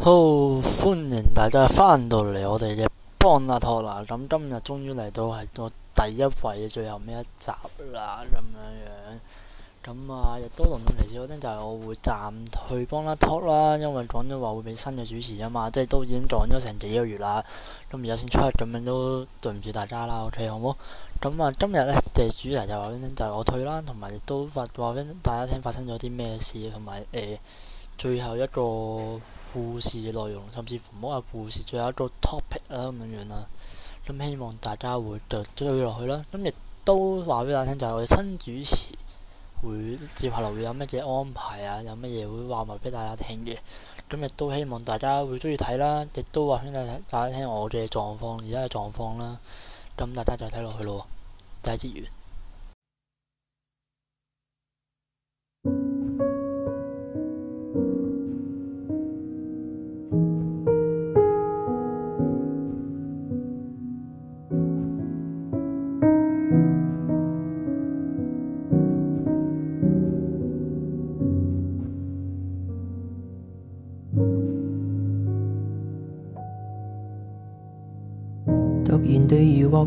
好，歡迎大家翻到嚟我哋嘅《Bonatalk 啦》。咁今日終於嚟到係我第一位嘅最後尾一集啦，咁樣樣。咁啊，亦都同大家好聽就係我會暫退 Bonatalk 啦，因為講咗話會俾新嘅主持啊嘛，即係都已經講咗成幾個月啦。咁而家先出咁樣都對唔住大家啦。OK，好冇？好？咁啊，今日咧嘅主題就話俾你聽，就係我退啦，同埋亦都發話俾大家聽發生咗啲咩事，同埋誒最後一個。故事嘅內容，甚至乎冇話故事，最後一個，後一個 topic 啦，啊，咁樣啦，啊，咁、嗯、希望大家會就追落去啦。咁、嗯、亦都話俾大家聽，就係我哋新主持會接下來會有乜嘢安排啊，有乜嘢會話埋俾大家聽嘅。咁、嗯、亦都希望大家會中意睇啦，亦都話俾大，大家聽我嘅狀況而家嘅狀況啦。咁、嗯、大家就睇落去咯喎，第一季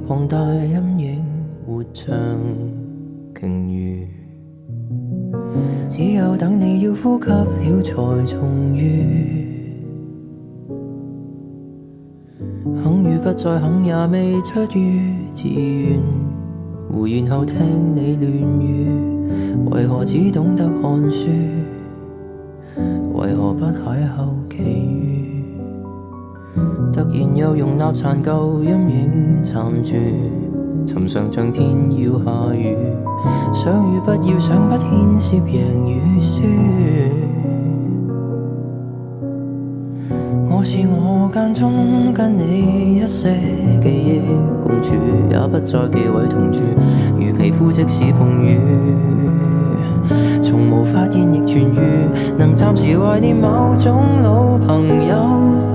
龐大陰影活像鯨魚，只有等你要呼吸了才重遇。肯與不再肯也未出於自願，胡言後聽你亂語，為何只懂得看書？為何不邂逅奇遇？突然又容納殘舊陰影殘住，尋常像天要下雨，想雨不要想，不牽涉贏與輸。我是我間中跟你一些記憶共處，也不再忌諱同住，如皮膚即使碰雨，從無發現亦痊愈。能暫時懷念某種老朋友。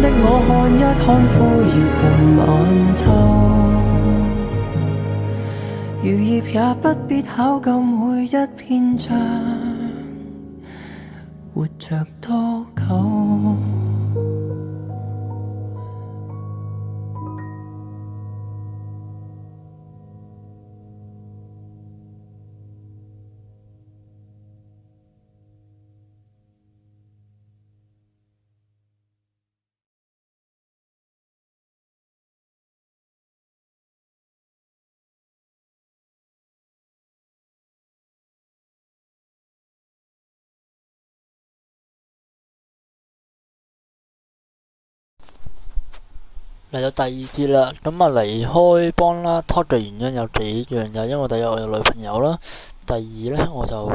的我看一看枯葉伴晚秋，餘葉也不必考究每一篇章，活着多久？嚟到第二節啦，咁啊離開 Bonatalk 嘅原因有幾樣，就係因為第一我有女朋友啦，第二咧我就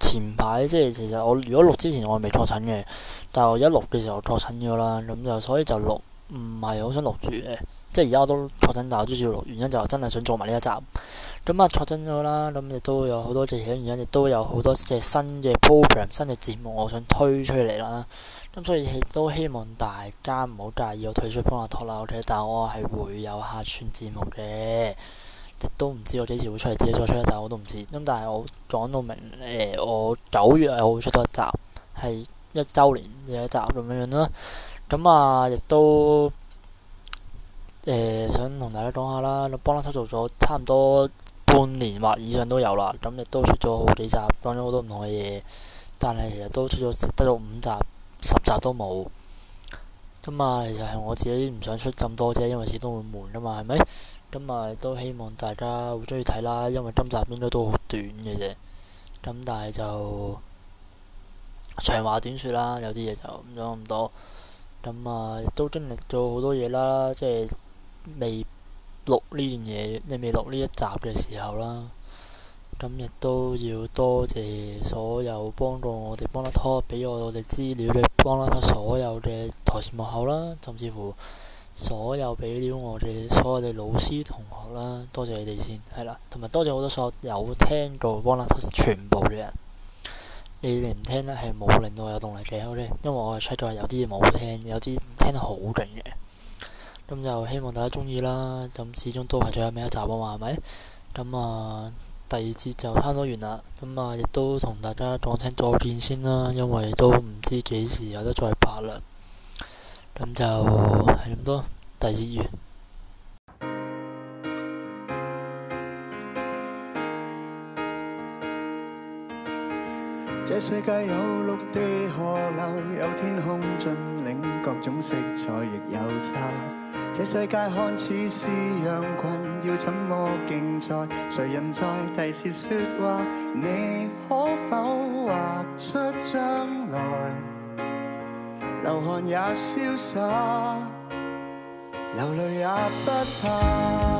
前排，即係其實我如果錄之前我係未確診嘅，但係我一錄嘅時候確診咗啦，咁就所以就錄唔係好想錄住嘅。即係而家我都坐真，大，係我都要錄，原因就真係想做埋呢一集。咁、嗯、啊，坐真咗啦，咁、嗯、亦都有好多其他原因，亦都有好多嘅新嘅 program、新嘅節目，我想推出嚟啦。咁、嗯、所以亦都希望大家唔好介意我退出《Bonatalk 啦 OK》，但係我係會有下串節目嘅，亦都唔知我幾時會出嚟，自己再出一集我都唔知。咁、嗯、但係我講到明，誒、呃，我九月係會出多一集，係一周年嘅一集咁樣樣啦。咁、嗯、啊，亦都。誒、呃，想同大家講下啦，我 Bonatalk 做咗差唔多半年或以上都有啦，咁、嗯、亦都出咗好幾集，講咗好多唔同嘅嘢，但係其實都出咗得到五集、十集都冇。咁、嗯、啊，其實係我自己唔想出咁多啫，因為始終會悶噶嘛，係咪？咁、嗯、啊，都希望大家會中意睇啦，因為今集應該都好短嘅啫。咁、嗯、但係就長話短說啦，有啲嘢就唔講咁多。咁、嗯、啊，亦都經歷咗好多嘢啦，即係。未錄呢樣嘢，你未錄呢一集嘅時候啦。噉亦都要多謝所有幫過我哋 Bonatalk，俾我哋資料嘅 Bonatalk，所有嘅台前幕後啦，甚至乎所有俾料我哋，所有嘅老師同學啦，多謝你哋先，係啦，同埋多謝好多所有有聽過 Bonatalk 全部嘅人。你哋唔聽呢係冇令到我有動力嘅，OK，因為我係 check 咗有啲冇聽，有啲聽得好勁嘅。咁就、嗯、希望大家中意啦。咁、嗯、始終都係最後尾一集啊嘛，係咪？咁、嗯、啊，第二節就差唔多完啦。咁、嗯、啊，亦都同大家講清楚片先啦，因為都唔知幾時有得再拍啦。咁、嗯、就係咁多，第二節完。世界有陸地河流，有天空峻嶺，各種色彩亦有差。這世界看似是羊困要怎麼競賽？誰人在提示説話？你可否畫出將來？流汗也瀟灑，流淚也不怕。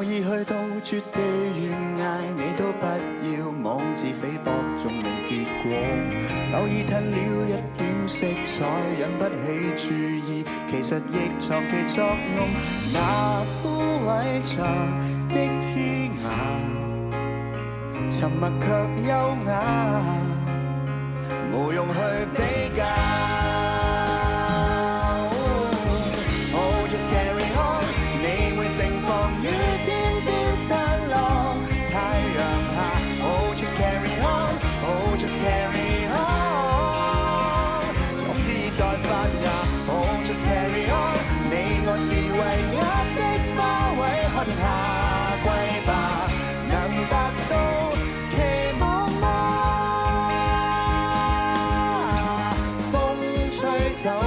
我已去到絕地懸崖，你都不要妄自菲薄，仲未結果。偶爾褪了一點色彩，引不起注意，其實亦藏其作用。那枯萎著的枝芽，沉默卻優雅，無用去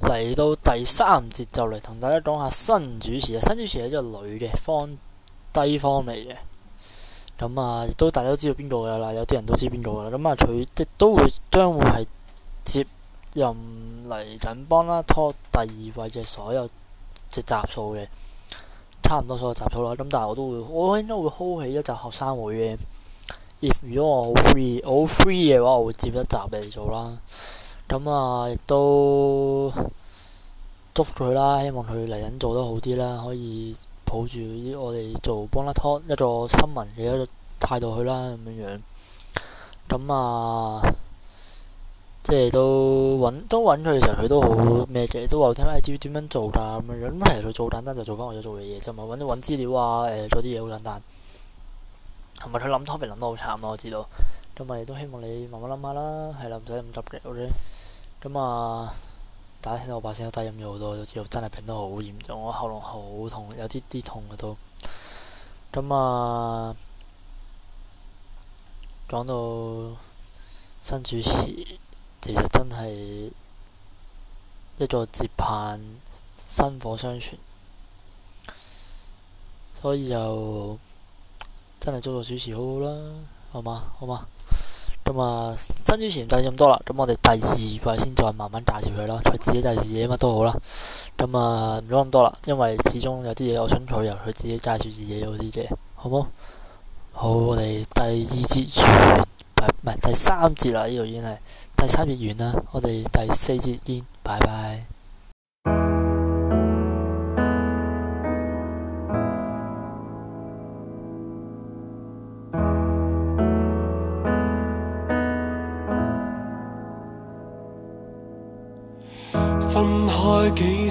嚟到第三節就嚟同大家講下新主持啦。新主持係一個女嘅，方低方嚟嘅。咁、嗯、啊，亦都大家都知道邊個噶啦？有啲人都知邊個噶啦。咁、嗯、啊，佢亦都會將會係接任嚟緊 Bonatalk 第二位嘅所有只集數嘅，差唔多所有集數啦。咁、嗯、但係我都會，我應該會 hold 起一集學生會嘅。If，如果我好 free，好 free 嘅話，我會接一集畀你做啦。咁啊，亦都祝福佢啦，希望佢嚟緊做得好啲啦，可以抱住啲我哋做 Bonatalk 一個新聞嘅一個態度去啦，咁樣樣。咁啊，即係都搵，都搵佢嘅時候，佢都好咩嘅，都話聽下究竟點樣做噶咁樣樣。咁其實佢做簡單就是，做翻我要做嘅嘢啫嘛，揾啲揾資料啊，誒、欸，做啲嘢好簡單。同埋佢諗 topic 諗到好慘啊，我知道咁咪都希望你慢慢諗下啦，係啦，唔使咁急嘅，OK、嗯。咁啊，大家聽到我把聲都低音咗好多，都知道真係病到好嚴重，我喉嚨好痛，有啲啲痛嘅都。咁、嗯、啊、嗯，講到新主持，其實真係一個接棒，薪火相傳，所以就～真係做到主持好好啦，好嘛好嘛。咁啊，新主持唔介紹咁多啦。咁我哋第二季先再慢慢介紹佢啦，佢自己介紹自己乜都好啦。咁啊，唔好咁多啦，因為始終有啲嘢我想佢由佢自己介紹自己好啲嘅，好冇？好，我哋第二節完，唔係第三節啦，呢度已經係第三節完啦。我哋第四節見，拜拜。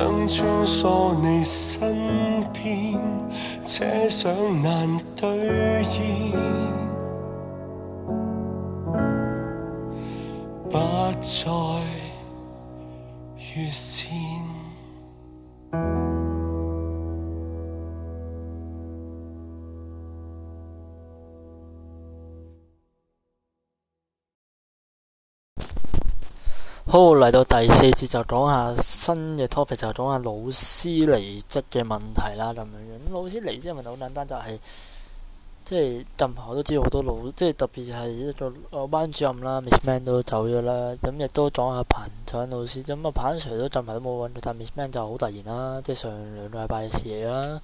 想穿梭你身邊，且想難兌現，不再越線。好，嚟到第四節就講下新嘅 topic，就係講下老師離職嘅問題啦，咁樣樣。老師離職問題好簡單，就係、是、即係近排我都知道好多老，即係特別係一個班主任啦，Miss Man 都走咗啦。咁亦都撞下彭做老師。咁啊，彭 Sir 都近排都冇揾到，但 Miss Man 就好突然啦，即係上兩個禮拜嘅事嚟啦。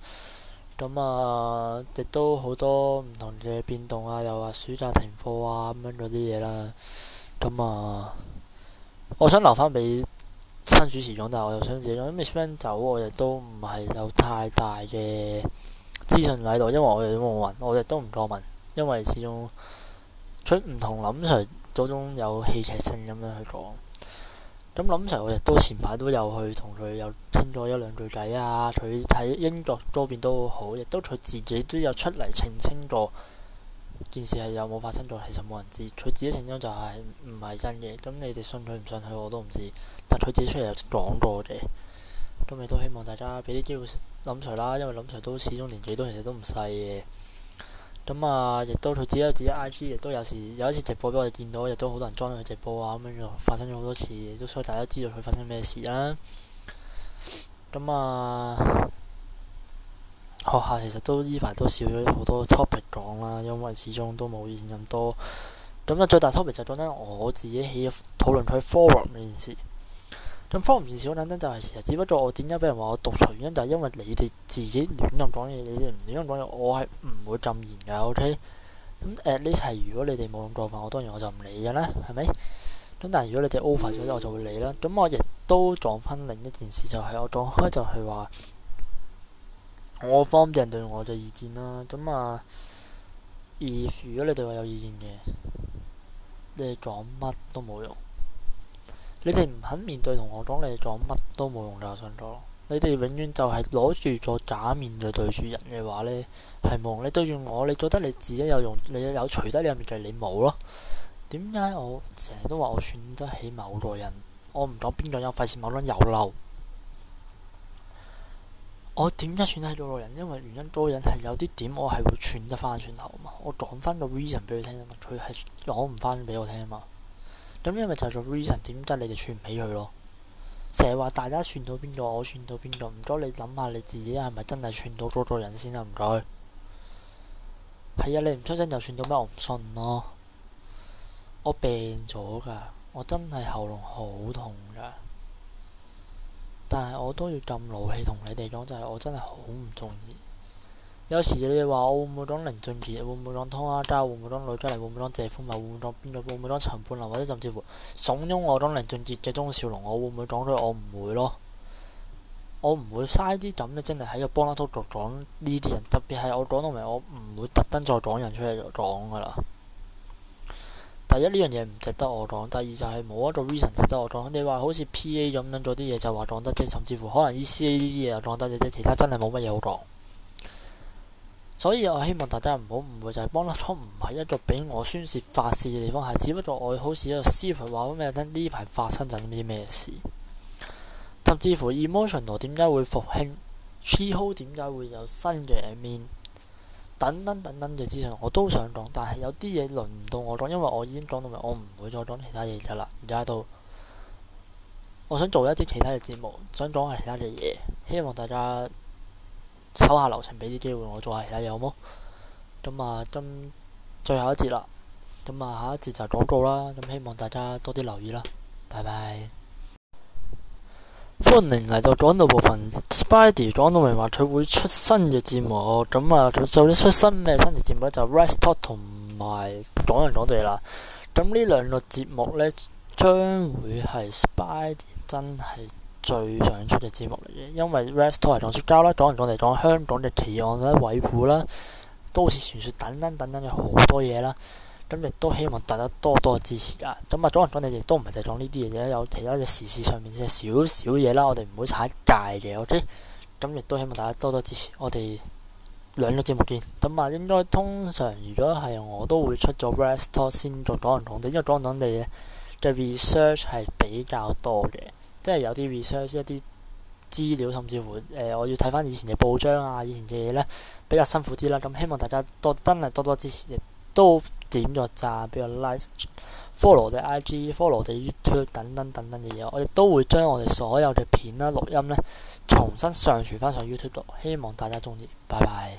咁啊，亦都好多唔同嘅變動啊，又話暑假停課啊，咁樣嗰啲嘢啦。咁啊～我想留翻俾新主持講，但係我又想自己講，因為、Mr. friend 走我亦都唔係有太大嘅資訊喺度，因為我哋都冇問，我亦都唔過問，因為始終佢唔同林 Sir 嗰種有戲劇性咁樣去講。咁林 Sir 我亦都前排都有去同佢有傾咗一兩句偈啊，佢喺英國嗰邊都好，亦都佢自己都有出嚟澄清過。件事係有冇發生過，其實冇人知。佢自己承認就係唔係真嘅，咁你哋信佢唔信佢，我都唔知。但佢自己出嚟有講過嘅，咁亦都希望大家俾啲機會諗 sir 啦，因為諗 sir 都始終年紀都其實都唔細嘅。咁啊，亦都佢自己有自己 I G，亦都有時有一次直播俾我哋見到，亦都好多人裝佢直播啊咁樣，發生咗好多次，都所以大家知道佢發生咩事啦。咁啊～學校其實都依排都少咗好多 topic 講啦，因為始終都冇以前咁多。咁啊，最大 topic 就講緊我自己起討論佢 forum 呢件事。咁 forum 件事好簡單就係事實，只不過我點解俾人話我獨裁原因，就係因為你哋自己亂咁講嘢，你哋唔亂咁講嘢，我係唔會禁言嘅，OK？咁誒 at least 如果你哋冇咁過分，我當然我就唔理嘅啦，係咪？咁但係如果你哋 over 咗，我就會理啦。咁我亦都撞翻另一件事，就係我講開就係話。我方面對我嘅意見啦，咁啊，而如果你對我有意見嘅，你哋講乜都冇用。你哋唔肯面對，同我講你哋講乜都冇用就係信咗。你哋永遠就係攞住個假面嚟對住人嘅話呢？係冇。你對住我，你覺得你自己有用，你有除低你入面就係，你冇咯。點解我成日都話我選得起某個人？我唔講邊個有費事，某人有漏。我點解算得係個人，因為原因多人係有啲點我係會串得翻轉頭啊嘛！我講翻個 reason 俾佢聽啊嘛，佢係講唔翻俾我聽啊嘛。咁因為就做 reason 點解你哋串唔起佢咯？成日話大家串到邊個，我串到邊個？唔該你諗下你自己係咪真係串到嗰個人先啦，啊。唔該。係啊，你唔出聲就算到咩？我唔信咯。我病咗㗎，我真係喉嚨好痛㗎。但係我都要咁老氣同你哋講，就係我真係好唔中意。有時你哋話我會唔會講林俊傑，會唔會講湯阿佳，會唔會講女仔嚟，會唔會講謝峰，咪會唔會講邊個，會唔會講陳冠霖，或者甚至乎慫恿我講林俊傑嘅鍾少龍，我會唔會講佢？我唔會咯。我唔會嘥啲咁嘅精力喺度幫阿濤講呢啲人，特別係我講到明，我唔會特登再講人出嚟講噶啦。第一呢樣嘢唔值得我講，第二就係冇一個 reason 值得我講。你話好似 PA 咁樣做啲嘢就話講得啫，甚至乎可能 ECA 呢啲嘢又講得啫，啫，其他真係冇乜嘢好講。所以我希望大家唔好誤會，就係 Bonatalk 唔係一個俾我宣泄發泄嘅地方，係只不過我好似一個師傅話俾你聽呢排發生緊啲咩事，甚至乎 emotional 點解會復興，coco 點解會有新嘅一面。等等等等嘅資訊我都想講，但係有啲嘢輪唔到我講，因為我已經講到明我唔會再講其他嘢噶啦。而家喺度，我想做一啲其他嘅節目，想講下其他嘅嘢，希望大家手下留情，俾啲機會我做下其他嘢好冇？咁啊，今最後一節啦，咁啊下一節就廣告啦。咁希望大家多啲留意啦，拜拜。歡迎嚟到講到部分，Spidey 講到明話佢會出新嘅節目咁啊？佢就一出新咩新嘅節目咧？就 Resto 同埋講人講地啦。咁呢兩個節目咧，將會係 Spidey 真係最想出嘅節目嚟嘅，因為 Resto 係講雪交啦，講人講地講香港嘅奇案啦、鬼故啦，都市傳說等等等等嘅好多嘢啦。咁亦都希望大家多多支持啦。咁、嗯、啊，講人講你亦都唔係就係講呢啲嘢啫，有其他嘅時事上面嘅少少嘢啦。我哋唔會踩界嘅，O K。咁、okay? 嗯、亦都希望大家多多支持我哋兩個節目見。咁、嗯、啊，應該通常如果係我都會出咗 rest talk 先做講人講地，因為講人講地嘅 research 係比較多嘅，即係有啲 research 一啲資料，甚至乎誒、呃、我要睇翻以前嘅報章啊，以前嘅嘢咧比較辛苦啲啦。咁、嗯、希望大家多真係多多支持。都點咗讚，俾個 like，follow 我哋 like, IG，follow 我哋 IG, YouTube 等等等等嘅嘢，我哋都會將我哋所有嘅片啦、錄音咧，重新上傳翻上 YouTube 度，希望大家鍾意，拜拜。